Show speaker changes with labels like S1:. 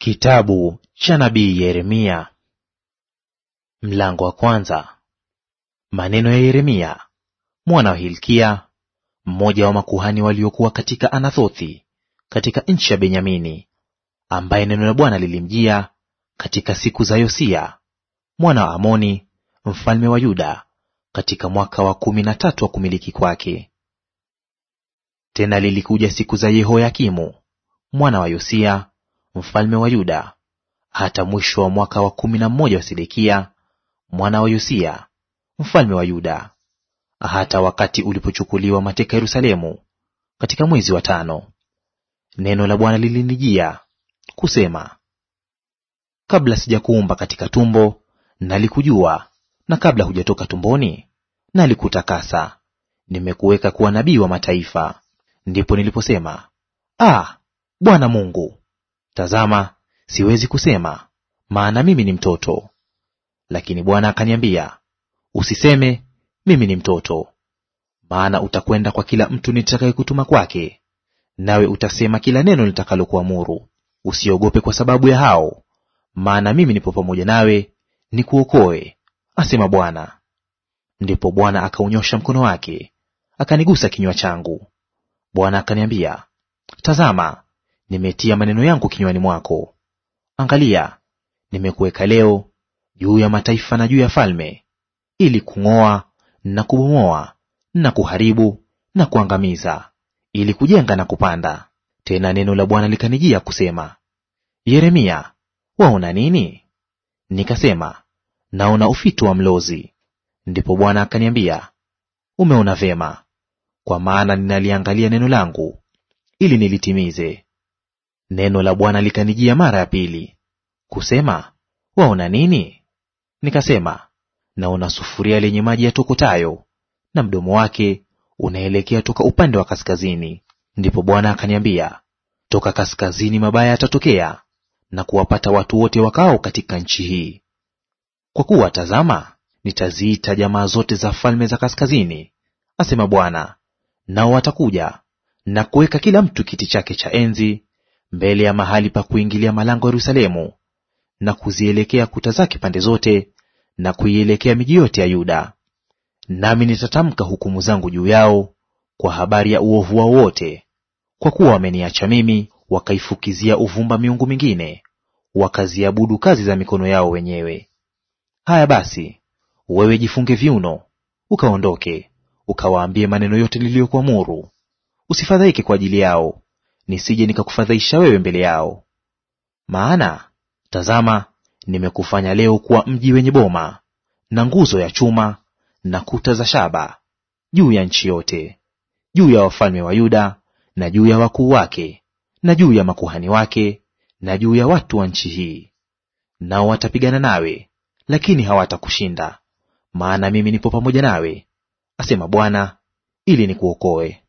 S1: Kitabu cha nabii Yeremia mlango wa kwanza. Maneno ya Yeremia mwana wa Hilkia, mmoja wa makuhani waliokuwa katika Anathothi katika nchi ya Benyamini, ambaye neno la Bwana lilimjia katika siku za Yosia mwana wa Amoni mfalme wa Yuda, katika mwaka wa kumi na tatu wa kumiliki kwake. Tena lilikuja siku za Yehoyakimu mwana wa Yosia mfalme wa Yuda hata mwisho wa mwaka wa kumi na mmoja wa Sedekia mwana wa Yosia mfalme wa Yuda, hata wakati ulipochukuliwa mateka Yerusalemu katika mwezi wa tano, neno la Bwana lilinijia kusema, kabla sijakuumba katika tumbo nalikujua, na kabla hujatoka tumboni nalikutakasa, nimekuweka kuwa nabii wa mataifa. Ndipo niliposema, Ah, Bwana Mungu, Tazama, siwezi kusema, maana mimi ni mtoto. Lakini Bwana akaniambia, usiseme mimi ni mtoto, maana utakwenda kwa kila mtu nitakayekutuma kwake, nawe utasema kila neno litakalokuamuru. Usiogope kwa sababu ya hao, maana mimi nipo pamoja nawe, nikuokoe, asema Bwana. Ndipo Bwana akaunyosha mkono wake, akanigusa kinywa changu. Bwana akaniambia, tazama, nimetia maneno yangu kinywani mwako. Angalia, nimekuweka leo juu ya mataifa na juu ya falme, ili kung'oa na kubomoa na kuharibu na kuangamiza, ili kujenga na kupanda. Tena neno la Bwana likanijia kusema, Yeremia, waona nini? Nikasema, naona ufito wa mlozi. Ndipo Bwana akaniambia, umeona vema, kwa maana ninaliangalia neno langu ili nilitimize. Neno la Bwana likanijia mara ya pili kusema, waona nini? Nikasema, naona sufuria lenye maji yatokotayo, na mdomo wake unaelekea toka upande wa kaskazini. Ndipo Bwana akaniambia, toka kaskazini mabaya yatatokea na kuwapata watu wote wakao katika nchi hii. Kwa kuwa tazama, nitaziita jamaa zote za falme za kaskazini, asema Bwana, nao watakuja na kuweka kila mtu kiti chake cha enzi mbele ya mahali pa kuingilia malango ya Yerusalemu, na kuzielekea kuta zake pande zote, na kuielekea miji yote ya Yuda. Nami nitatamka hukumu zangu juu yao kwa habari ya uovu wao wote, kwa kuwa wameniacha mimi, wakaifukizia uvumba miungu mingine, wakaziabudu kazi za mikono yao wenyewe. Haya basi, wewe jifunge viuno, ukaondoke, ukawaambie maneno yote niliyokuamuru. Usifadhaike kwa ajili yao, nisije nikakufadhaisha wewe mbele yao. Maana tazama, nimekufanya leo kuwa mji wenye boma na nguzo ya chuma na kuta za shaba juu ya nchi yote, juu ya wafalme wa Yuda na juu ya wakuu wake na juu ya makuhani wake na juu ya watu wa nchi hii. Nao watapigana nawe, lakini hawatakushinda, maana mimi nipo pamoja nawe, asema Bwana, ili nikuokoe.